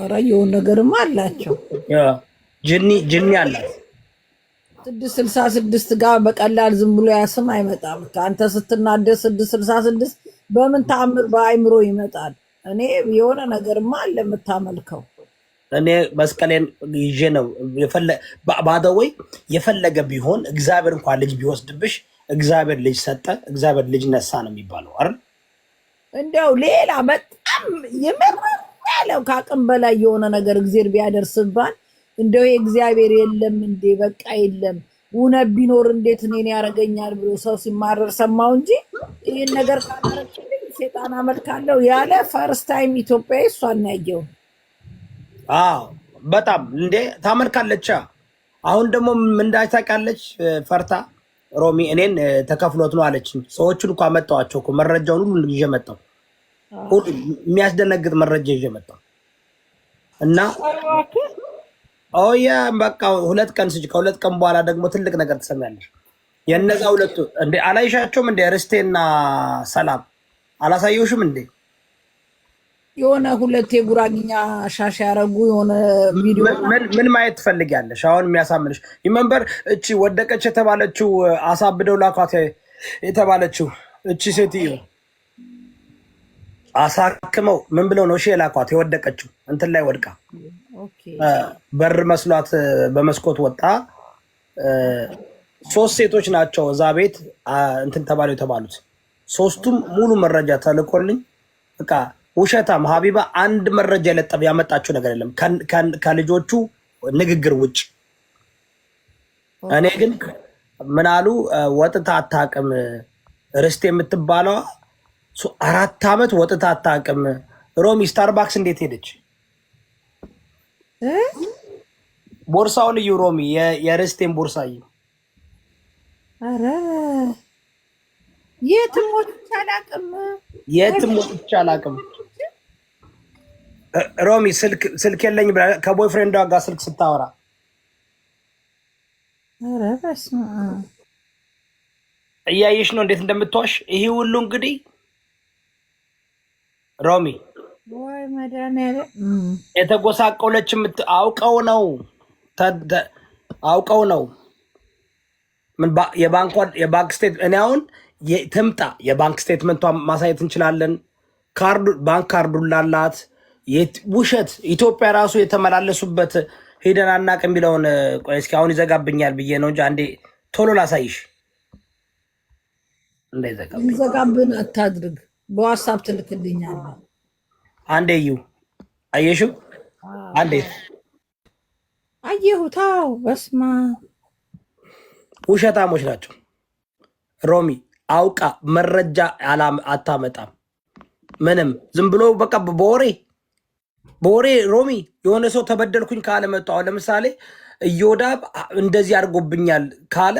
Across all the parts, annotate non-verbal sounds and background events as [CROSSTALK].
አራ የሆነ ነገር አላቸው። ጅኒ ጅኒ አላት። ስድስት ስልሳ ስድስት ጋር በቀላል ዝም ብሎ ያስም አይመጣም። አንተ ስትናደድ ስድስት ስልሳ ስድስት በምን ታምር በአይምሮ ይመጣል? እኔ የሆነ ነገርማ አለ የምታመልከው። እኔ መስቀሌን ይዤ ነው ባደወይ የፈለገ ቢሆን እግዚአብሔር እንኳን ልጅ ቢወስድብሽ እግዚአብሔር ልጅ ሰጠ፣ እግዚአብሔር ልጅ ነሳ ነው የሚባለው አይደል? እንዲያው ሌላ በጣም የመረር ያለው ከአቅም በላይ የሆነ ነገር እግዚአብሔር ቢያደርስባን እንደው እግዚአብሔር የለም እንዴ በቃ የለም እውነት ቢኖር እንዴት እኔን ያደርገኛል ብሎ ሰው ሲማረር ሰማው እንጂ ይህን ነገር ካረችልኝ ሴጣን አመልካለው ያለ ፈርስት ታይም ኢትዮጵያ እሷን ያየው። አዎ በጣም እንዴ ታመልካለች። አሁን ደግሞ ምንዳታቃለች ፈርታ ሮሚ እኔን ተከፍሎት ነው አለችኝ። ሰዎቹን እኳ መጠዋቸው መረጃውን ሁሉ ይዤ መጣሁ። የሚያስደነግጥ መረጃ ይዤ መጣሁ እና ኦየ በቃ ሁለት ቀን ስጭ። ከሁለት ቀን በኋላ ደግሞ ትልቅ ነገር ትሰሚያለሽ። የነዛ ሁለቱ እንደ አላይሻቸውም እንደ ርስቴና ሰላም አላሳየውሽም እንዴ? የሆነ ሁለት የጉራግኛ ሻሽ ያረጉ የሆነ ቪዲዮ ምን ማየት ትፈልጊያለሽ? አሁን የሚያሳምንሽ ይመንበር እቺ ወደቀች የተባለችው አሳብደው ላኳት የተባለችው እቺ ሴትዮ አሳክመው ምን ብለው ነው እሺ የላኳት? የወደቀችው እንትን ላይ ወድቃ በር መስሏት በመስኮት ወጣ። ሶስት ሴቶች ናቸው እዛ ቤት እንትን ተባለው የተባሉት። ሶስቱም ሙሉ መረጃ ተልኮልኝ በቃ ውሸታም ሀቢባ አንድ መረጃ የለጠፍ ያመጣችው ነገር የለም ከልጆቹ ንግግር ውጭ። እኔ ግን ምናሉ ወጥታ አታውቅም ርስት የምትባለዋ አራት ዓመት ወጥታ አታውቅም። ሮሚ ስታርባክስ እንዴት ሄደች? ቦርሳውን እዩ ሮሚ፣ የርስቴን ቦርሳ እዩ። የትም ወጥቼ አላውቅም፣ የትም ወጥቼ አላውቅም። ሮሚ ስልክ ስልክ የለኝ ብላ ከቦይፍሬንዷ ጋር ስልክ ስታወራ እያየሽ ነው እንዴት እንደምትዋሽ። ይሄ ሁሉ እንግዲህ ሮሚ ወይ የተጎሳቆለች አውቀው ነው አውቀው ነው ምን የባንክ ስቴት እኔ አሁን ትምጣ የባንክ ስቴትመንቷ ማሳየት እንችላለን። ካርዱ ባንክ ካርዱ ላላት ውሸት ኢትዮጵያ ራሱ የተመላለሱበት ሄደን አናቅ የሚለውን ቆይ እስኪ አሁን ይዘጋብኛል ብዬ ነው እንጂ አንዴ ቶሎ ላሳይሽ እንዳይዘጋብን አታድርግ። በዋትሳፕ ትልክልኛለ። አንዴ እዩ አየሹ? አንዴ አየሁታው። በስማ ውሸታሞች ናቸው። ሮሚ አውቃ መረጃ አታመጣም። ምንም ዝም ብሎ በቃ በወሬ በወሬ ሮሚ የሆነ ሰው ተበደልኩኝ ካለ መጡ። አሁን ለምሳሌ እዮዳብ እንደዚህ አድርጎብኛል ካለ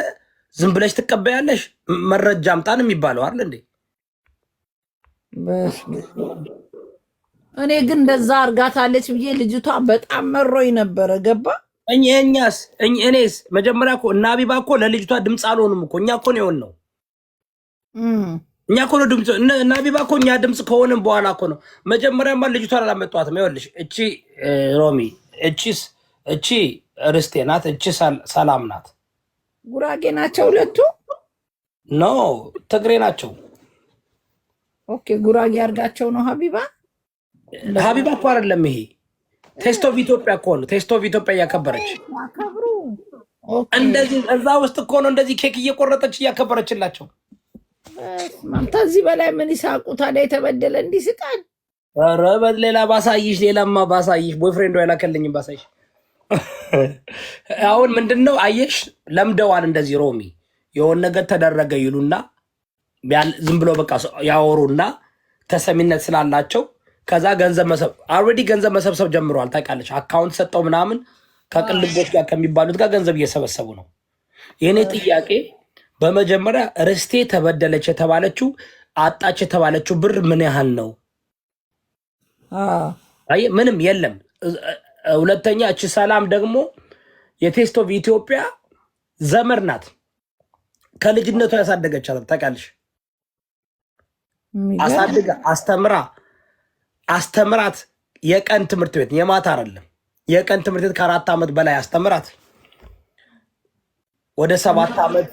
ዝም ብለሽ ትቀበያለሽ? መረጃ አምጣን የሚባለው አለ እንዴ? እኔ ግን እንደዛ አርጋታለች ብዬ ልጅቷ በጣም መሮኝ ነበረ። ገባ እኛስ እኔስ መጀመሪያ እኮ እና አቢባ እኮ ለልጅቷ ድምፅ አልሆኑም እኮ እኛ እኮ ነው የሆን ነው እኛ እኮ ነው ድምፅ እና አቢባ እኮ እኛ ድምፅ ከሆንም በኋላ እኮ ነው። መጀመሪያማ ልጅቷን አላመጧትም። ይኸውልሽ እቺ ሮሚ እቺስ እቺ ርስቴ ናት። እቺ ሰላም ናት። ጉራጌ ናቸው ሁለቱ። ኖ ትግሬ ናቸው። ኦኬ ጉራጌ አድርጋቸው ነው ሀቢባ ሀቢባ እኮ አይደለም ይሄ ቴስት ኦፍ ኢትዮጵያ እኮ ነው። ቴስት ኦፍ ኢትዮጵያ እያከበረች እንደዚህ እዛ ውስጥ እኮ ነው እንደዚህ ኬክ እየቆረጠች እያከበረችላቸው። ከዚህ በላይ ምን ይሳቁ ታዲያ? የተበደለ እንዲስቃል። ኧረ ሌላ ባሳይሽ፣ ሌላማ ባሳይሽ። ቦይፍሬንዶ ያላከልኝም ባሳይሽ። አሁን ምንድን ነው አየሽ፣ ለምደዋል እንደዚህ ሮሚ የሆነ ነገር ተደረገ ይሉና ዝም ብሎ በቃ ያወሩና ተሰሚነት ስላላቸው ከዛ ገንዘብ መሰብ አልሬዲ ገንዘብ መሰብሰብ ጀምረዋል። ታውቃለች አካውንት ሰጠው ምናምን ከቅልቦች ጋር ከሚባሉት ጋር ገንዘብ እየሰበሰቡ ነው። የእኔ ጥያቄ በመጀመሪያ ርስቴ ተበደለች የተባለችው አጣች የተባለችው ብር ምን ያህል ነው? አይ ምንም የለም። ሁለተኛ እች ሰላም ደግሞ የቴስት ኦፍ ኢትዮጵያ ዘመር ናት። ከልጅነቷ ያሳደገች ታውቃለች። አሳድጋ አስተምራ አስተምራት። የቀን ትምህርት ቤት የማታ አይደለም፣ የቀን ትምህርት ቤት ከአራት ዓመት በላይ አስተምራት። ወደ ሰባት ዓመት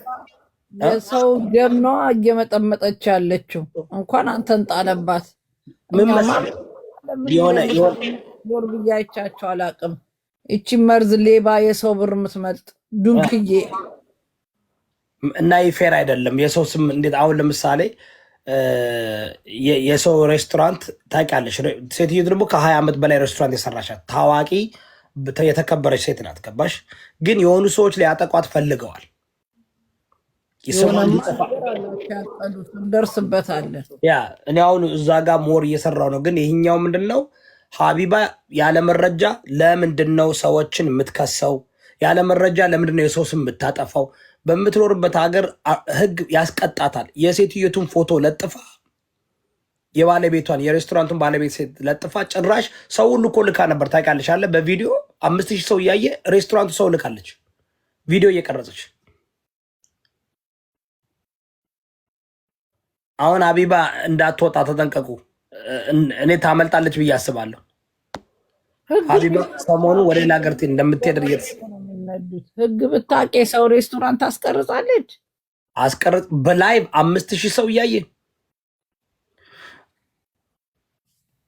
ሰው ደም እየመጠመጠች ያለችው። እንኳን አንተን ጣለባት። ምን ብያቻቸው አላቅም። ይቺ መርዝ ሌባ፣ የሰው ብር የምትመልጥ ዱንክዬ እና ይፌር አይደለም የሰው ስም እንዴት አሁን ለምሳሌ የሰው ሬስቶራንት ታውቂያለሽ። ሴትዮ ደግሞ ከሀያ ዓመት በላይ ሬስቶራንት የሰራሻት ታዋቂ የተከበረች ሴት ናት። ገባሽ? ግን የሆኑ ሰዎች ሊያጠቋት ፈልገዋል። እንደርስበታለን። ያ እኔ አሁን እዛ ጋር ሞር እየሰራው ነው። ግን ይህኛው ምንድን ነው ሀቢባ ያለ መረጃ ለምንድን ነው ሰዎችን የምትከሰው? ያለ መረጃ ለምንድን ነው የሰው ስም የምታጠፋው? በምትኖርበት ሀገር ህግ ያስቀጣታል። የሴትየቱን ፎቶ ለጥፋ የባለቤቷን የሬስቶራንቱን ባለቤት ሴት ለጥፋ። ጭራሽ ሰው ሁሉ እኮ ልካ ነበር ታውቂያለሽ፣ አለ በቪዲዮ አምስት ሺህ ሰው እያየ ሬስቶራንቱ ሰው ልካለች፣ ቪዲዮ እየቀረጸች። አሁን አቢባ እንዳትወጣ ተጠንቀቁ። እኔ ታመልጣለች ብዬ አስባለሁ። አቢባ ሰሞኑ ወደ ሌላ ሀገር እንደምትሄድ የሚቀዱት። ህግ ብታውቅ የሰው ሬስቶራንት አስቀርጻለች አስቀርጽ በላይቭ አምስት ሺህ ሰው እያየ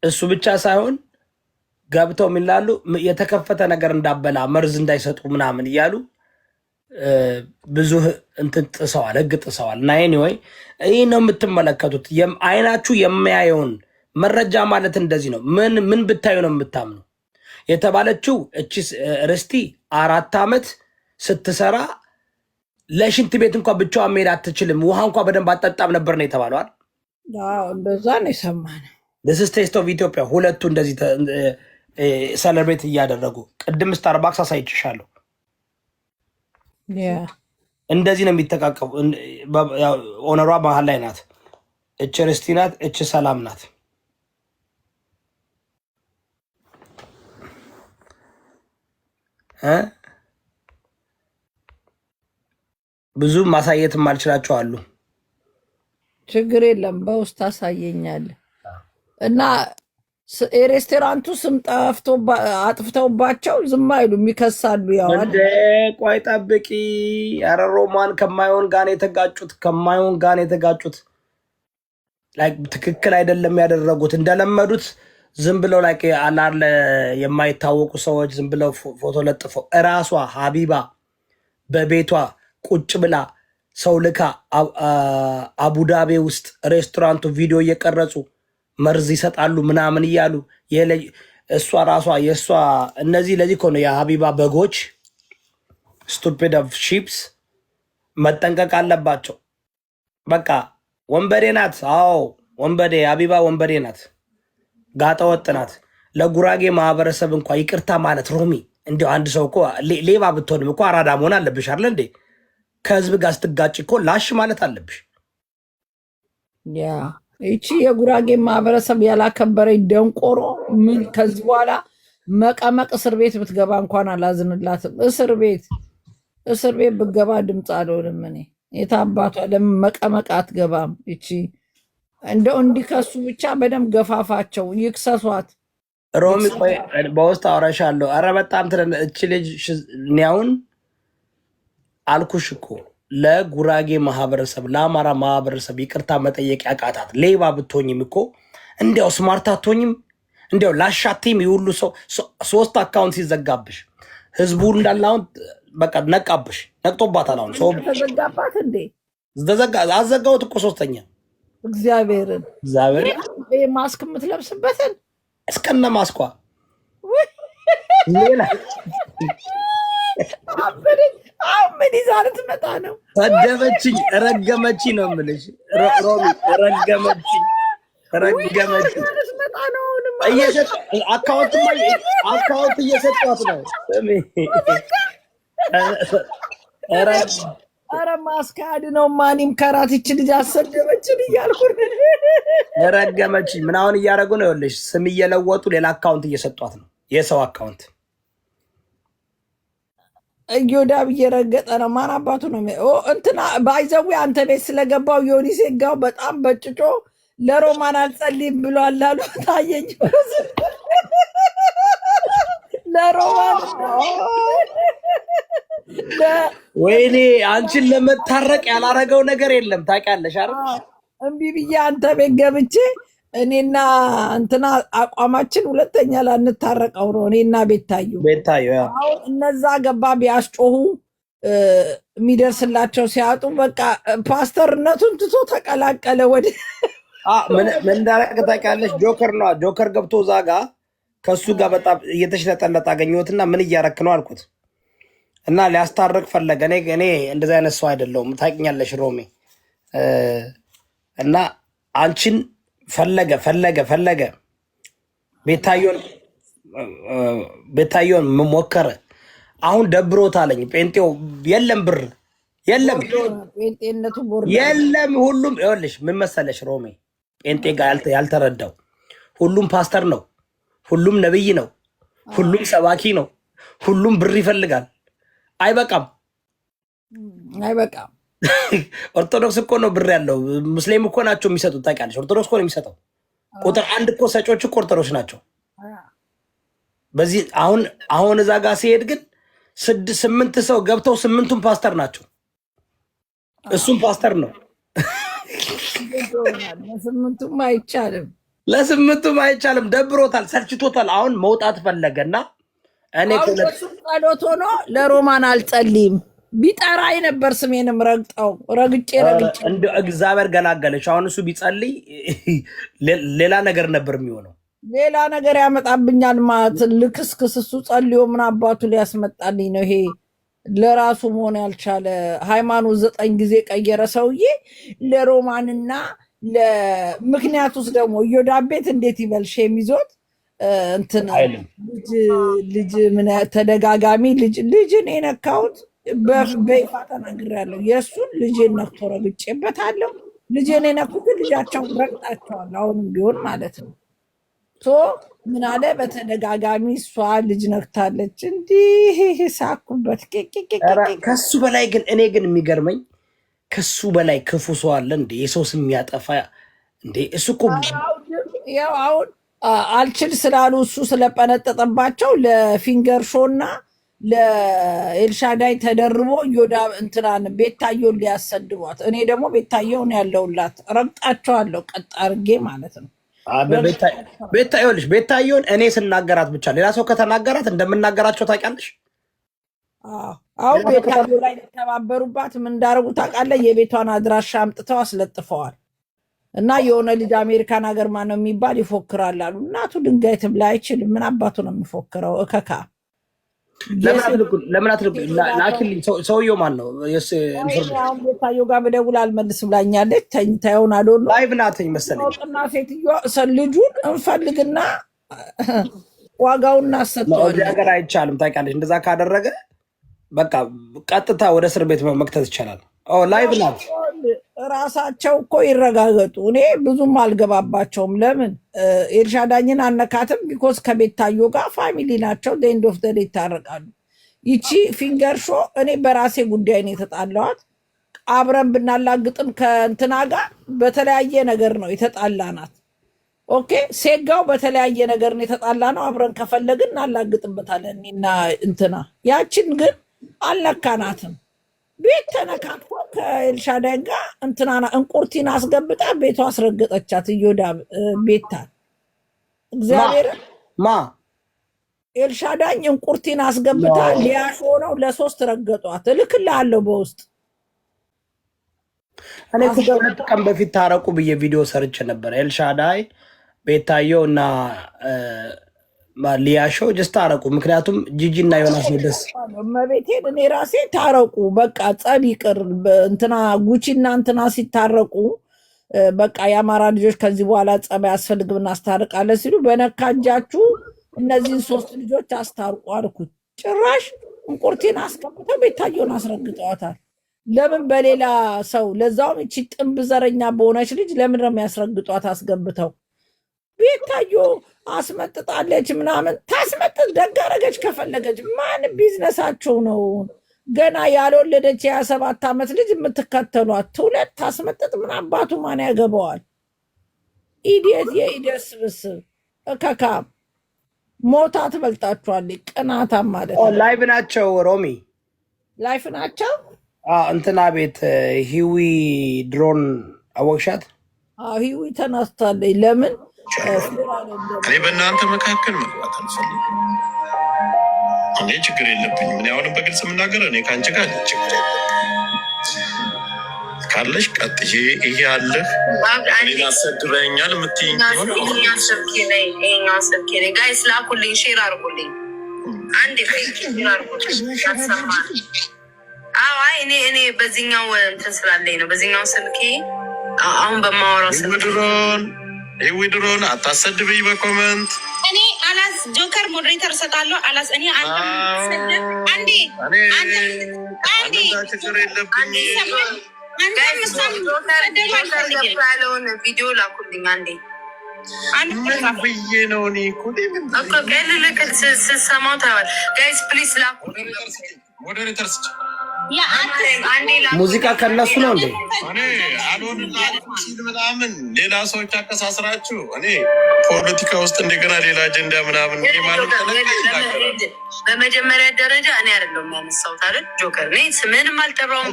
እሱ ብቻ ሳይሆን ገብተው የሚላሉ የተከፈተ ነገር እንዳበላ መርዝ እንዳይሰጡ ምናምን እያሉ ብዙ እንትን ጥሰዋል፣ ህግ ጥሰዋል። እና ወይ ይህ ነው የምትመለከቱት። አይናችሁ የሚያየውን መረጃ ማለት እንደዚህ ነው። ምን ምን ብታዩ ነው የምታምኑ የተባለችው እቺ ርስቲ አራት ዓመት ስትሰራ ለሽንት ቤት እንኳ ብቻዋን መሄድ አትችልም። ውሃ እንኳ በደንብ አጠጣም ነበር ነው የተባለዋል። እንደዛ ነው የሰማነው። ስስ ቴስት ኦፍ ኢትዮጵያ ሁለቱ እንደዚህ ሰለብሬት እያደረጉ ቅድም ስታርባክስ አሳይችሻለሁ። እንደዚህ ነው የሚተቃቀፉ። ኦነሯ መሀል ላይ ናት። እች ርስቲ ናት፣ እች ሰላም ናት። ብዙ ማሳየት የማልችላቸው አሉ። ችግር የለም በውስጥ አሳየኛል እና የሬስቶራንቱ ስም አጥፍተውባቸው ዝም አይሉ የሚከሳሉ። ያዋል ቆይ ጠብቂ። ኧረ ሮማን ከማይሆን ጋር የተጋጩት፣ ከማይሆን ጋር የተጋጩት። ትክክል አይደለም ያደረጉት እንደለመዱት ዝም ብለው ላይ አላለ የማይታወቁ ሰዎች ዝም ብለው ፎቶ ለጥፈው እራሷ ሀቢባ በቤቷ ቁጭ ብላ ሰው ልካ አቡዳቤ ውስጥ ሬስቶራንቱ ቪዲዮ እየቀረጹ መርዝ ይሰጣሉ ምናምን እያሉ እሷ ራሷ የእሷ እነዚህ ለዚህ ከሆነ የሀቢባ በጎች ስቱፒድ ኦፍ ሺፕስ መጠንቀቅ አለባቸው። በቃ ወንበዴ ናት። አዎ ወንበዴ ሀቢባ ወንበዴ ናት። ጋጠ ናት። ለጉራጌ ማህበረሰብ እንኳ ይቅርታ ማለት ሮሚ እንዲ አንድ ሰው እኮ ሌባ ብትሆንም እኮ አራዳ መሆን አለብሽ አለ እንዴ? ከህዝብ ጋር ስትጋጭ እኮ ላሽ ማለት አለብሽ። ያ ይቺ የጉራጌ ማህበረሰብ ያላከበረኝ ደንቆሮ ምን ከዚህ በኋላ መቀመቅ እስር ቤት ብትገባ እንኳን አላዝንላትም። እስር ቤት እስር ቤት ብትገባ ድምፅ አልሆንም እኔ የታባቷ ለምን መቀመቅ አትገባም ይቺ እንደው እንዲከሱ ብቻ በደንብ ገፋፋቸው፣ ይክሰሷት። ሮሚ ቆይ በውስጥ አውራሻለሁ። አረ በጣም ትለን እቺ ልጅ ኒያውን አልኩሽ እኮ ለጉራጌ ማህበረሰብ፣ ለአማራ ማህበረሰብ ይቅርታ መጠየቅ ያቃታት ሌባ ብትሆኝም እኮ እንዲያው ስማርት አትሆኝም። እንዲያው ላሻቴም የሁሉ ሰው ሶስት አካውንት ሲዘጋብሽ ህዝቡ እንዳለ አሁን በቃ ነቃብሽ፣ ነቅቶባታል። አሁን ሰው ተዘጋባት እንዴ? አዘጋውት እኮ ሶስተኛ እግዚአብሔርን እግዚአብሔር ማስክ የምትለብስበትን እስከነ ማስኳ ሌላ ምን ይዛ ልትመጣ ነው? ሰደበችኝ፣ ረገመችኝ ነው የምልሽ። ሮሚ ረገመችኝ፣ ረገመችኝ ነው። አካውንት እየሰጧት ነው። ኧረ ማስካድ ነው ማንም ከራት ልጅ አሰደበችን እያልኩ ረገመች። ምን አሁን እያደረጉ ነው? ይኸውልሽ ስም እየለወጡ ሌላ አካውንት እየሰጧት ነው። የሰው አካውንት እዮዳብ እየረገጠ ነው። ማን አባቱ ነው እንትና ባይዘዊ አንተ ቤት ስለገባው ዮኒ ሴጋው በጣም በጭጮ ለሮማን አልጸልይም ብሏል አሉ ታየኝ። ለሮማን ወይኔ አንቺን ለመታረቅ ያላረገው ነገር የለም። ታውቂያለሽ አ እምቢ ብዬ አንተ ቤት ገብቼ እኔና እንትና አቋማችን ሁለተኛ ላንታረቀው ነው። እኔና ቤታዩ ቤታዩ አሁን እነዛ ገባ ቢያስጮሁ የሚደርስላቸው ሲያጡ በቃ ፓስተርነቱን ትቶ ተቀላቀለ። ወደ ምንዳረቅ እንዳደረገ ታውቂያለሽ? ጆከር ነዋ። ጆከር ገብቶ እዛ ጋ ከእሱ ጋር በጣም እየተሽለጠለጥ አገኘሁትና ምን እያረክ ነው አልኩት። እና ሊያስታርቅ ፈለገ። እኔ እኔ እንደዚህ አይነት ሰው አይደለሁም፣ ታውቂኛለሽ ሮሜ። እና አንቺን ፈለገ ፈለገ ፈለገ ቤታዮን ሞከረ። አሁን ደብሮታለኝ። ጴንጤው የለም ብር የለም የለም ሁሉም ይኸውልሽ፣ ምን መሰለሽ ሮሜ፣ ጴንጤ ጋር ያልተረዳው ሁሉም ፓስተር ነው፣ ሁሉም ነብይ ነው፣ ሁሉም ሰባኪ ነው፣ ሁሉም ብር ይፈልጋል። አይበቃም፣ አይበቃም። ኦርቶዶክስ እኮ ነው ብር ያለው። ሙስሊም እኮ ናቸው የሚሰጡት። ታውቂያለሽ፣ ኦርቶዶክስ እኮ ነው የሚሰጠው። ቁጥር አንድ እኮ ሰጮች እኮ ኦርቶዶክስ ናቸው። በዚህ አሁን አሁን እዛ ጋር ሲሄድ ግን ስምንት ሰው ገብተው ስምንቱም ፓስተር ናቸው። እሱም ፓስተር ነው። ለስምንቱም አይቻልም፣ ለስምንቱም አይቻልም። ደብሮታል፣ ሰልችቶታል። አሁን መውጣት ፈለገና ጸሎት ሆኖ ለሮማን አልጸልይም። ቢጠራኝ ነበር ስሜንም ረግጠው ረግጬ ረግጬ እንደ እግዚአብሔር ገላገለች። አሁን እሱ ቢጸልይ [LAUGHS] ሌላ ነገር ነበር የሚሆነው፣ ሌላ ነገር ያመጣብኛል ማለት ልክስክስ። እሱ ጸልዮ ምን አባቱ ሊያስመጣልኝ ነው? ይሄ ለራሱ መሆን ያልቻለ ሃይማኖት ዘጠኝ ጊዜ ቀየረ ሰውዬ ለሮማንና ለምክንያቱስ ደግሞ እዮዳብ ቤት እንዴት ይበልሽ የሚዞት እንትን ልጅ ልጅ ምን ተደጋጋሚ ልጅ ልጅን የነካሁት በይፋ ተናግሬያለሁ። የእሱን ልጅ ነክቶ ረግጬበታለሁ። ልጄን የነኩትን ልጃቸውን ረግጣቸዋል። አሁንም ቢሆን ማለት ነው። ቶ ምን አለ በተደጋጋሚ እሷ ልጅ ነክታለች፣ እንዲህ ሳኩበት። ከሱ በላይ ግን እኔ ግን የሚገርመኝ ከሱ በላይ ክፉ ሰው አለ እንዴ? የሰው ስም ያጠፋ እንዴ? እሱ እኮ ያው አሁን አልችል ስላሉ እሱ ስለጠነጠጠባቸው ለፊንገር ሾና ለኤልሻዳይ ተደርቦ ዮዳ እንትናን ቤታየውን ሊያሰድቧት፣ እኔ ደግሞ ቤታየውን ያለውላት ረግጣቸዋለሁ፣ ቀጥ አድርጌ ማለት ነው። ቤታየውልሽ ቤታየውን እኔ ስናገራት ብቻ ሌላ ሰው ከተናገራት እንደምናገራቸው ታውቂያለሽ። አሁን ቤታየ ላይ ተባበሩባት ምን እንዳደረጉ ታውቃለህ? የቤቷን አድራሻ አምጥተው አስለጥፈዋል። እና የሆነ ልጅ አሜሪካን ሀገር ማነው የሚባል ይፎክራል አሉ። እናቱ ድንጋይ ትብላ አይችልም። ምን አባቱ ነው የሚፎክረው? እከካ ለምን አትልኩላኪል ሰውየው ማን ነው? ታየው ጋር ብደውል አልመልስ ብላኛለች። ተኝታ ይሆን አልሆነ ላይቭ ናትኝ መሰለኝ። ሴትዮዋ ልጁን እንፈልግና ዋጋውን እናሰጠዋለን። ወደ አይቻልም። ታውቂያለሽ፣ እንደዛ ካደረገ በቃ ቀጥታ ወደ እስር ቤት መክተት ይቻላል። ላይቭ ናት ራሳቸው እኮ ይረጋገጡ። እኔ ብዙም አልገባባቸውም። ለምን ኤልሻዳኝን አነካትም? ቢኮስ ከቤታዮ ጋር ፋሚሊ ናቸው። ዘንድ ኦፍ ደል ይታረቃሉ። ይቺ ፊንገር ሾ እኔ በራሴ ጉዳይ ነው የተጣላዋት። አብረን ብናላግጥም ከእንትና ጋር በተለያየ ነገር ነው የተጣላ ናት። ኦኬ ሴጋው በተለያየ ነገር ነው የተጣላ ነው። አብረን ከፈለግን እናላግጥበታለን እኔና እንትና። ያችን ግን አልነካናትም። ቤት ተነካክቶ ከኤልሻዳይ ጋር እንትናና እንቁርቲን አስገብጣ ቤቷ አስረገጠቻት። እዮዳ ቤታ እግዚአብሔር ማ ኤልሻዳኝ እንቁርቲን አስገብታ ሊያሾ ነው ለሶስት ረገጧት። እልክልሃለሁ በውስጥ እኔ ከሁለት ቀን በፊት ታረቁ ብዬ ቪዲዮ ሰርች ነበር። ኤልሻዳይ ቤታየው እና ሊያሾ ጀስ ታረቁ። ምክንያቱም ጂጂ እና ዮናስ ደስ እመቤቴን እኔ ራሴ ታረቁ፣ በቃ ጸብ ይቅር። እንትና ጉቺ እና እንትና ሲታረቁ በቃ የአማራ ልጆች ከዚህ በኋላ ጸብ ያስፈልግም እናስታርቃለን ሲሉ በነካ እጃችሁ እነዚህን ሶስት ልጆች አስታርቁ አልኩት። ጭራሽ እንቁርቴን አስቀምጠው ቤታየውን አስረግጠዋታል። ለምን በሌላ ሰው ለዛውም፣ እቺ ጥንብ ዘረኛ በሆነች ልጅ ለምን ነው የሚያስረግጧት አስገብተው ቤታዮ አስመጥጣለች ምናምን ታስመጥጥ ደጋረገች ከፈለገች። ማን ቢዝነሳቸው ነው? ገና ያልወለደች የሀያ ሰባት ዓመት ልጅ የምትከተሏት ትውለድ ታስመጥጥ። ምን አባቱ ማን ያገባዋል? ኢዲየት የኢዲየት ስብስብ እከካ ሞታ ትበልጣችኋለች። ቅናታ ማለት ነው። ላይቭ ናቸው ሮሚ ላይፍ ናቸው። እንትና ቤት ሂዊ ድሮን አወቅሻት? ሂዊ ተናስታለች። ለምን እኔ በእናንተ መካከል መግባት አልፈልግም። እኔ ችግር የለብኝም። እኔ አሁንም በግልጽ የምናገር እኔ ከአንቺ ጋር ችግር የለብኝም። ካለሽ ቀጥ ይሄ አለህ ሌላ ሰድበኛል የምትይኝ ጋይስ ላኩልኝ፣ ሼር አርጉልኝ። አንድ አይ እኔ እኔ በዚህኛው እንትን ስላለኝ ነው በዚህኛው ስልኬ አሁን በማወራው ስልክ ዊድሮን አታሰድብኝ በኮመንት እኔ አላስ ጆከር ሞዴሬተር እሰጣለሁ። አላስ እኔ ችግር የለብኝለውን ቪዲዮ ላኩልኝ አንዴ ብዬ ነው እኔ እኮ ቀልልቅል ስሰማው ታዋል ጋይስ ፕሊስ ላኩ ሞዴሬተር ስጭ ሙዚቃ ከነሱ ነው እንዴ? ምናምን ሌላ ሰዎች አከሳስራችሁ እኔ ፖለቲካ ውስጥ እንደገና ሌላ አጀንዳ ምናምን በመጀመሪያ ደረጃ እኔ አይደለሁም ያነሳሁት አይደል? ጆከር እኔ አልጠራሁም።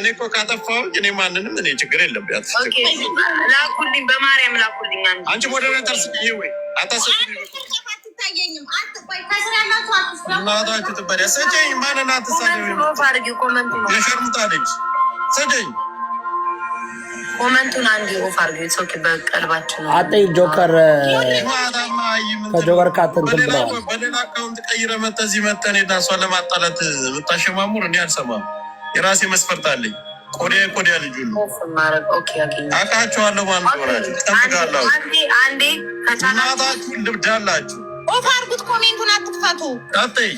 እኔ እኮ እኔ ማንንም እኔ ችግር ላኩልኝ፣ በማርያም ላኩልኝ። አንቺ ወይ አይታየኝም። አትቆይ ጆከር ከጆከር የራሴ መስፈርት አለኝ። ቆዳ ቆዳ ልጁ ነው አውቃቸዋለሁ። ማን ጠብቃላችሁ። ማታችሁን ልብዳላችሁ ኦፍ አድርጉት፣ ኮሜንቱን አትክፈቱ። ቀጥይ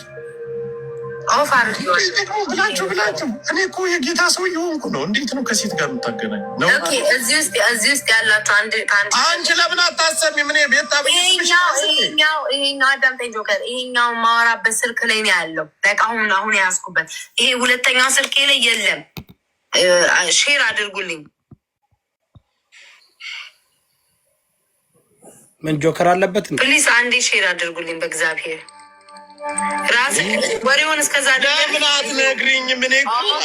ኦፍ ብላችሁ ብላችሁ እኔ እኮ የጌታ ሰው ነው። እንዴት ነው ከሴት ጋር የምታገናኝ እዚህ ውስጥ ያላችሁ አንቺ ለምን ይሄኛው አዳምጠኝ ጆከር፣ ይሄኛው ማወራበት ስልክ ላይ ነው ያለው። በቃ አሁን አሁን ይሄ ሁለተኛው ስልክ ላይ የለም። ሼር አድርጉልኝ ምን ጆከር አለበት? ፕሊስ አንዴ ሼር አድርጉልኝ በእግዚአብሔር ራስ ወሬውን እስከዛ ለምን አትነግሪኝም? እኔ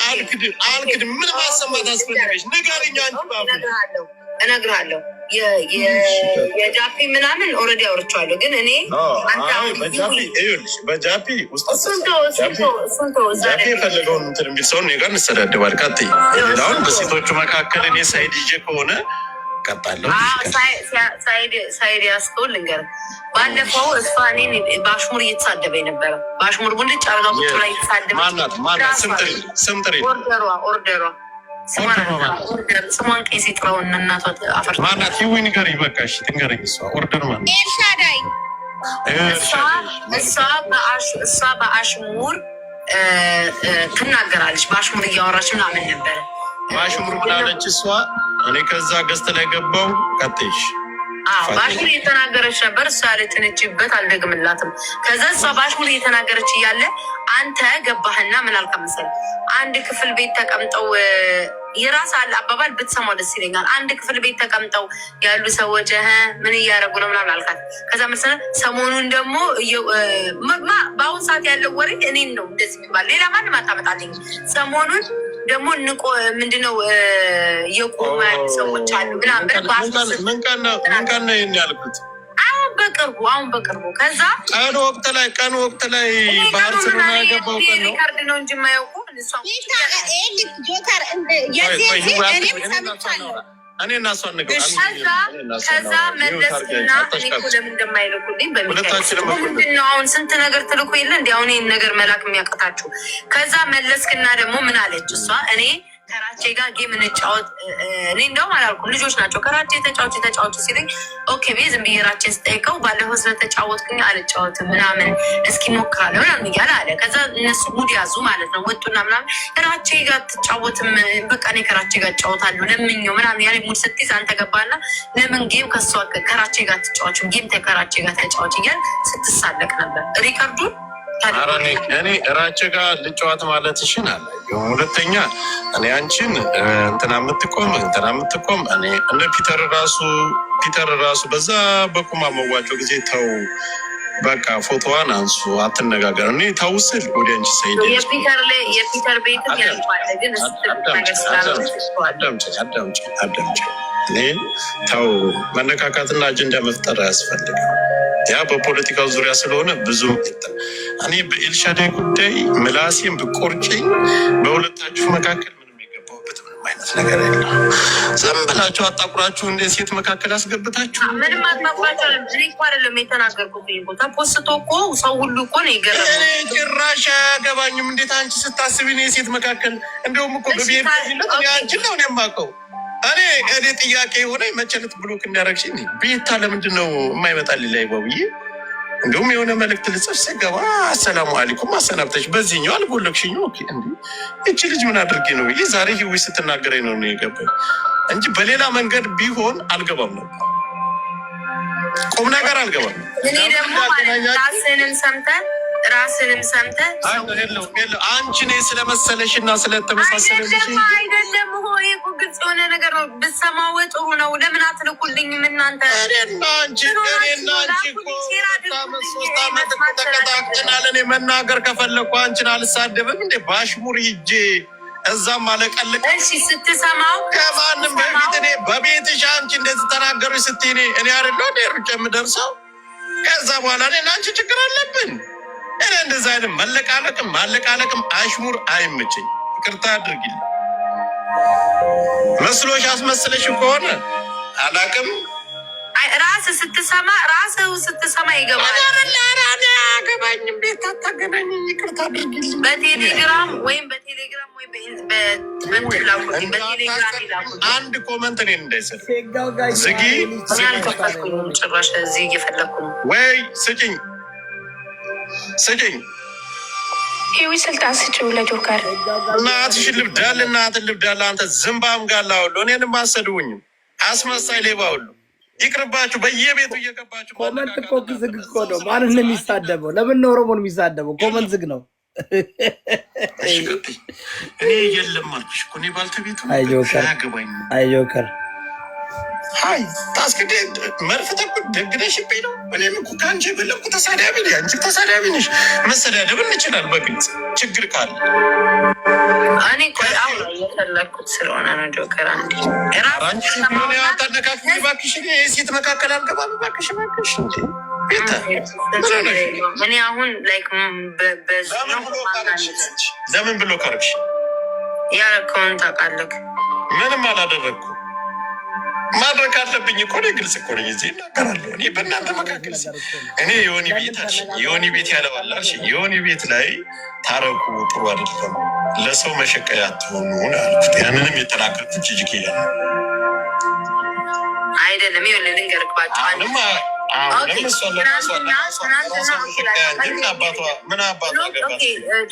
አልክድ አልክድ ምን ማሰማት አስፈልገሽ ንገሪኝ። እነግርሃለሁ የጃፒ ምናምን ኦልሬዲ አውርቼዋለሁ፣ ግን እኔ በጃፒ ውስጥ የፈለገውን እንትን የሚል ሰውን እኔ ጋር እንሰዳደባል። ቃጥ ሌላውን በሴቶቹ መካከል እኔ ሳይድ ይዤ ከሆነ እቀባለሁ። ሳይድ ያስከው ልንገር፣ ባለፈው እሷ እኔን በአሽሙር እየተሳደበኝ ነበረ። በአሽሙር ጉልጭ አርጋ ቁጭ ላይ ተሳደበ። ኦርደሯ ኦርደሯ ስሟን ቄስ ጥራውን እናቷ አፈር ማናት? ይዊ ንገሪ፣ በቃ እሺ ትንገረኝ። እሷ ኦርደር ማለት ኤልሻዳይ እሷ በአሽሙር ትናገራለች። በአሽሙር እያወራች ምናምን ነበረ። በአሽሙር ምናለች እሷ እኔ ከዛ ገዝተ ላይ ገባው ቀጥሽ ባሽሙር የተናገረች ነበር። እሷ ልትንጅበት አልደግምላትም። ከዛ እሷ ባሽሙር እየተናገረች እያለ አንተ ገባህና ምን አልካ መሰለህ? አንድ ክፍል ቤት ተቀምጠው የራስ አለ አባባል ብትሰማው ደስ ይለኛል። አንድ ክፍል ቤት ተቀምጠው ያሉ ሰዎች ምን እያደረጉ ነው ምናምን አልካት። ከዛ መሰለ ሰሞኑን ደግሞ በአሁን ሰዓት ያለው ወሬ እኔን ነው እንደዚህ የሚባል ሌላ ማንም አታመጣልኝ ሰሞኑን ደግሞ ንቆ ምንድነው የቆመ ሰዎች አሉ ምናምን ምን ቀን ይህን ያልኩት? አሁን በቅርቡ አሁን በቅርቡ ከዛ ቀን ወቅት ላይ ቀን ወቅት ላይ ባህር ያገባው ነው ሪካርድ ነው እንጂ የማያውቁ ጆከር እኔም ሰምቻለሁ እኔ እና እሷን እኔ ለምን አሁን ስንት ነገር ትልኩ የለ እንዲ አሁን ይህን ነገር መላክ የሚያቅታችሁ። ከዛ መለስክና ደግሞ ምን አለች እሷ እኔ ከራቼ ጋር ጌም እንጫወት። እኔ እንደውም አላልኩም ልጆች ናቸው። ከራቼ ተጫወች ተጫወች ሲለኝ ኦኬ ቤ ዝም ብዬ ራቼን ስጠይቀው ባለፈው ስለተጫወትኩኝ አልጫወትም ምናምን እስኪ ሞክራለሁ ምናምን እያለ አለ። ከዛ እነሱ ሙድ ያዙ ማለት ነው ወጡና ምናምን ራቼ ጋር ትጫወትም በቃ እኔ ከራቼ ጋር እጫወታለሁ ለምኘው ምናምን ያለ ሙድ ስትይዝ አንተ ገባና ለምን ጌም ከሷ ከራቼ ጋር ትጫወች ጌም ከራቼ ጋር ተጫዋች እያል ስትሳለቅ ነበር ሪከርዱን እኔ እራቸ ጋር ልጨዋት ማለት ሽን አለ። ሁለተኛ እኔ አንቺን እንትና የምትቆም እንትና የምትቆም እኔ እንደ ፒተር ራሱ ፒተር ራሱ በዛ በቁማ መዋጮ ጊዜ ተው በቃ ፎቶዋን አንሱ፣ አትነጋገር። እኔ ታውስል ኦዲንች ሰይድ የፒተር ቤትም ተው መነካካትና አጀንዳ መፍጠር አያስፈልግም። ያ በፖለቲካው ዙሪያ ስለሆነ ብዙ እኔ በኤልሻዳይ ጉዳይ ምላሴም ብቆርጭኝ በሁለታችሁ መካከል ምንም የገባሁበት ምንም አይነት ነገር የለ። ዝም ብላችሁ አጣቁራችሁ እንደ ሴት መካከል አስገብታችሁ ምንም አታቁራችሁ። እኔ እኮ አይደለም የተናገርኩት ቦታ ፖስቶ እኮ ሰው ሁሉ እኮ ነው የገረ ጭራሽ አያገባኝም። እንዴት አንቺ ስታስብ ነው የሴት መካከል እንደውም እኮ በብሄር አንቺን ነው እኔ የማውቀው እኔ ጥያቄ የሆነ መቸነት ብሎክ እንዳረግሽኝ ቤታ ለምንድን ነው የማይመጣል ላይ ባብዬ እንዲሁም የሆነ መልእክት ልጽፍ ስገባ አሰላሙ አሊኩም አሰናብተሽ በዚህኛው አልጎለክሽኝ። እቺ ልጅ ምን አድርጌ ነው ይ ዛሬ ህዊ ስትናገረኝ ነው የገባኝ እንጂ በሌላ መንገድ ቢሆን አልገባም ነበር። ቁም ነገር አልገባም። እኔ ደግሞ ማለት ራስህንም ሰምተን ራስንም ሰምተ አንቺን ስለመሰለሽ እና ስለተመሳሰለሽ አይደለም ሆይ ግልጽ የሆነ ነገር ነው። ጥሩ ነው። ለምን አትልኩልኝም እናንተ? እኔና አንቺ እኔና አንቺ ሶስት አመት ተቀጣቅተናል። እኔ መናገር ከፈለግኩ አንቺን አልሳደብም እንዴ በአሽሙር ሂጄ እዛም አለቀልቅ ስትሰማው ከማንም በፊት እኔ በቤትሽ አንቺ እንደዚህ ተናገሩኝ ስትይ እኔ አይደለሁ እኔ ሩጬ የምደርሰው ከዛ በኋላ እኔና አንቺ ችግር አለብን እኔ እንደዛ አይነት መለቃለቅም ማለቃለቅም አሽሙር አይመቸኝ። ይቅርታ አድርጊልኝ። መስሎሽ አስመስለሽ ከሆነ አላቅም። ራስ ስትሰማ ራስ ስትሰማ ይገባል። አገባኝም ቤት ይቅርታ በቴሌግራም ወይም በቴሌግራም አንድ ኮመንት እኔን እንዳይሰድ ዝጊ። ጭራሽ እዚህ እየፈለግኩ ነው ወይ ስጭኝ ስጭኝ። ሂዊ ስልጣን ስጭው ለጆከር። እናትሽን ልብዳል፣ እናትን ልብዳል። አንተ ዝምባም ጋላ ሁሉ እኔንም አሰድቡኝም አስመሳይ ሌባ ሁሉ ይቅርባችሁ። በየቤቱ እየገባችሁ ኮመንት እኮ ዝግ እኮ ነው። ማንን ነው የሚሳደበው? ለምን ነው ኦሮሞን የሚሳደበው? ኮመንት ዝግ ነው። እኔ የለም አልኩሽ እኮ እኔ ባልተቤቱ አይ ጆከር ሀይ ታስክዴ መርፍተኩ ተኩ ደግነሽብኝ ነው። እኔም እኮ ከአንቺ የፈለግኩ ተሳዳቢ ነኝ፣ አንቺ ተሳዳቢ ነሽ። መሰዳደብ እንችላል በግልጽ ችግር ካለ እኔ ስለሆነ ነው። ጆከር ባክሽ መካከል ባክሽ ባክሽ እኔ አሁን ለምን ብሎ ምንም አላደረግኩም ማድረግ አለብኝ እኮ ነው። ግልጽ እኮ ነው። ጊዜ እናገራለሁ። እኔ በእናንተ መካከል እኔ የሆኒ ቤት አልሽ የሆኒ ቤት ያለዋል አልሽ የሆኒ ቤት ላይ ታረቁ፣ ጥሩ አይደለም፣ ለሰው መሸቀያ አትሆኑ አልኩት። ያንንም የተናገርኩት ጅጅክ እያለ አይደለም ይሆን ልንገርባቸው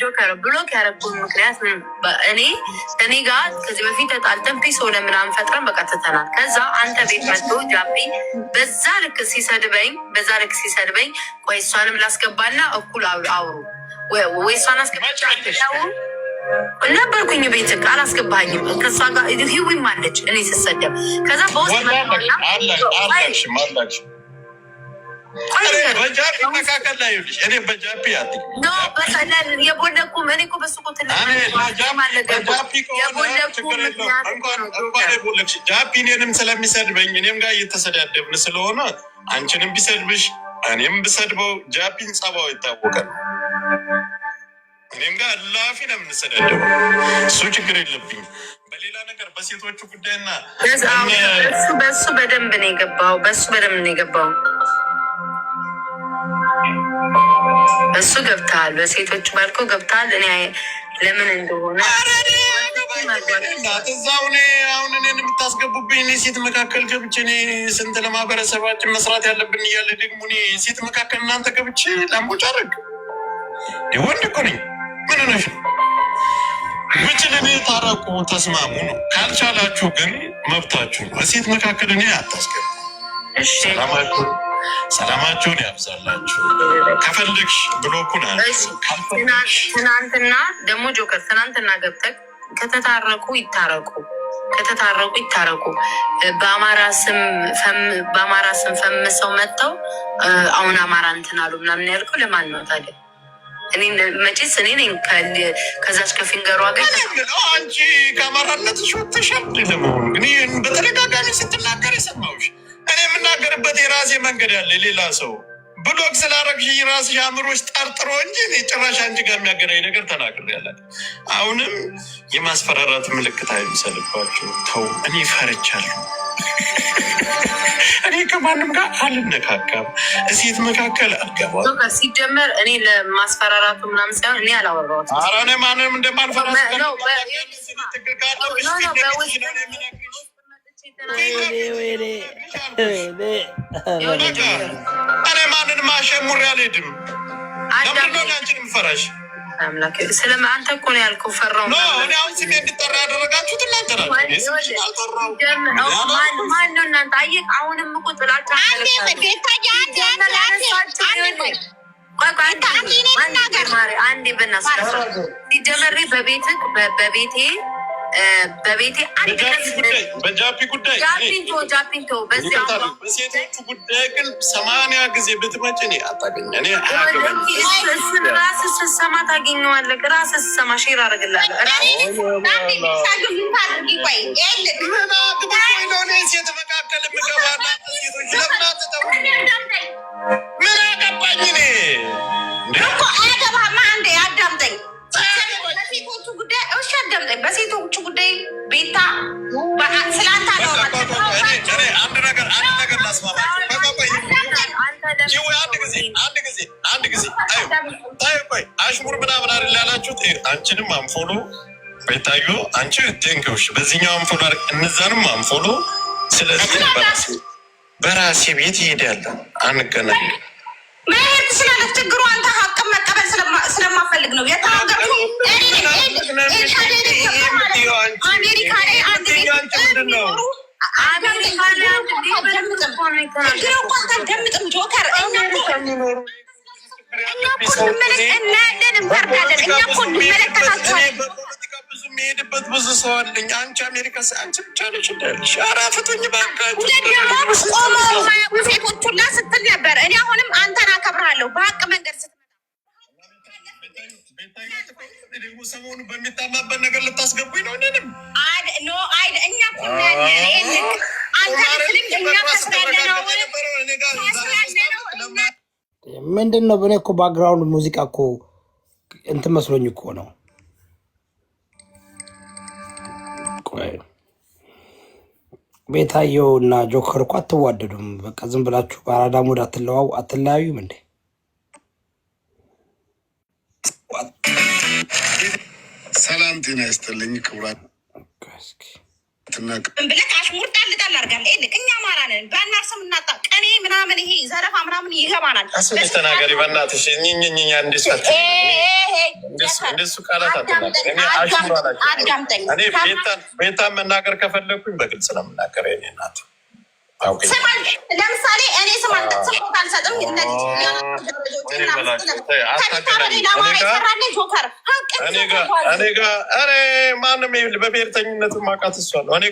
ጆከር ብሎክ ያደረጉን ምክንያት እኔ እኔ ጋር ከዚህ በፊት ተጣልተን ፒስ ሆነ ምናምን ፈጥረን በቀጥተናል። ከዛ አንተ ቤት መጥቶ ጃቢ በዛ ልክ ሲሰድበኝ በዛ ልክ ሲሰድበኝ፣ ቆይ እሷንም ላስገባና እኩል አውሩ ወይ እሷን አስገባቻው ነበርኩኝ ቤት አላስገባኝም። ከእሷ ጋር ህዊም አለች እኔ ስሰደብ ከዛ በውስጥ መጣ ጃፒ እኔንም ስለሚሰድበኝ እኔም ጋር እየተሰዳደብን ስለሆነ አንቺንም ቢሰድብሽ እኔም ብሰድበው ጃፒን ጸባው ይታወቃል። እኔም ጋር ላፊ ነው የምንሰዳደበው። እሱ ችግር የለብኝ። በሌላ ነገር በሴቶቹ ጉዳይና በሱ በደንብ ነው የገባው። በሱ በደንብ ነው የገባው። እሱ ገብተሃል፣ በሴቶች ባልኮ ገብተሃል። እኔ ለምን እንደሆነ እዛው እኔ አሁን እኔን የምታስገቡብኝ እኔ ሴት መካከል ገብቼ እኔ ስንት ለማህበረሰባችን መስራት ያለብን እያለ ደግሞ እኔ ሴት መካከል እናንተ ገብቼ ላምቦች አደረግ ወንድ እኮ ነኝ። ምን ነሽ ብችል እኔ ታረቁ ተስማሙ ነው። ካልቻላችሁ ግን መብታችሁ ነው። ሴት መካከል እኔ አታስገቡ። ሰላማችሁ ሰላማችሁን ያብዛላችሁ። ከፈልግሽ ብሎኩን ትናንትና ደግሞ ጆከር ትናንትና ገብተህ ከተታረቁ ይታረቁ ከተታረቁ ይታረቁ። በአማራ ስም ፈምሰው መጥተው አሁን አማራ እንትን አሉ ምናምን ያልከው ለማን ነው ታዲያ? እኔ መቼስ እኔ ነኝ ከዛች ከፊንገሩ ጋር አንቺ ከአማራነት ሾተሻል። ለመሆኑ ግን በተደጋጋሚ ስትናገር የሰማሁሽ እኔ የምናገርበት የራሴ መንገድ ያለ ሌላ ሰው ብሎክ ስላረግሽ ራስሽ አእምሮሽ ጠርጥሮ እንጂ ጭራሽ አንቺ ጋር የሚያገናኝ ነገር ተናግር ተናግሬያለሁ። አሁንም የማስፈራራት ምልክት አይምሰልባቸው። ተው፣ እኔ ፈርቻለሁ። እኔ ከማንም ጋር አልነካካም፣ እሴት መካከል አልገባም። ሲጀመር እኔ ለማስፈራራቱ ምናምን ሳይሆን እኔ አላወራሁትም። ኧረ እኔ ማንም እንደማልፈራ ትክክል ካለው እኔ ማንንም አሸሙሬ አልሄድም። ለምንድነው አሁንም እኮ ጥላቻ ሲጀመር በቤትህ በቤቴ በቤቴ በጃፒ ጉዳይ ጃፒንቶ ጃፒንቶ ጉዳይ ግን ሰማንያ ጊዜ ብትመጭ እኔ አታገኝ እኔ እሱን ራስህ ታገኘዋለህ። ሼር አደርግልሃለሁ። ምን አዳምጠኝ። በሴቶ ውጭ ጉዳይ ቤታ ስለአንተ አንድ ነገር አንድ ነገር ላስማማቸው። አንድ ጊዜ አንድ ጊዜ ቆይ፣ አሽሙር ምናምን አይደል ያላችሁት። አንቺንም አንፎሎ ቤታዩ፣ አንቺ ቴንክሽ በዚህኛው አንፎሎ እነዛንም አንፎሎ። ስለዚህ በራሴ ቤት ይሄዳለን፣ አንገናኝ መሄድ ስላለት ችግሩ አንተ ስለማፈልግ ነው የተናገርኩት። አሜሪካ የሚሄድበት ብዙ ሰው አለኝ። አንቺ አሜሪካ አንቺ ብቻ ነሽ እንዳለሽ አራፍቶኝ ባካችሁ ሴቶች ሁላ ስትል ነበር። እኔ አሁንም አንተን አከብራለሁ በሀቅ መንገድ ስትል ሰሞኑን በሚታማበት ነገር ልታስገቡኝ ነው። እኔንም ኖ አይ እኛ እኮ ምንድን ነው? እኔ እኮ ባክግራውንድ ሙዚቃ እኮ እንትን መስሎኝ እኮ ነው። ቤታየው እና ጆከር እኮ አትዋደዱም። በቃ ዝም ብላችሁ በአራዳ አትለያዩም እንዴ? ሰላም ጤና ይስጥልኝ። ክቡራት ብለት አሽሙር ጣል ጣል አድርጋለህ። ይኸውልህ እኛ አማራ ነን፣ በእናርስም እናጣ ቀኔ ምናምን ይሄ ዘረፋ ምናምን ይገባናል። ተናገሪ በእናትሽ ኝኝኛ እንደሱ ቃላት አዳምጠኝ። ቤታን መናገር ከፈለግኩኝ በግልጽ ነው የምናገር ናት ለምሳሌ እኔ ስም አልጠቅስም፣ ቦታ አልሰጥም። ጆከር እኔ ጋ ማንም በብሔርተኝነት እሷ ነው።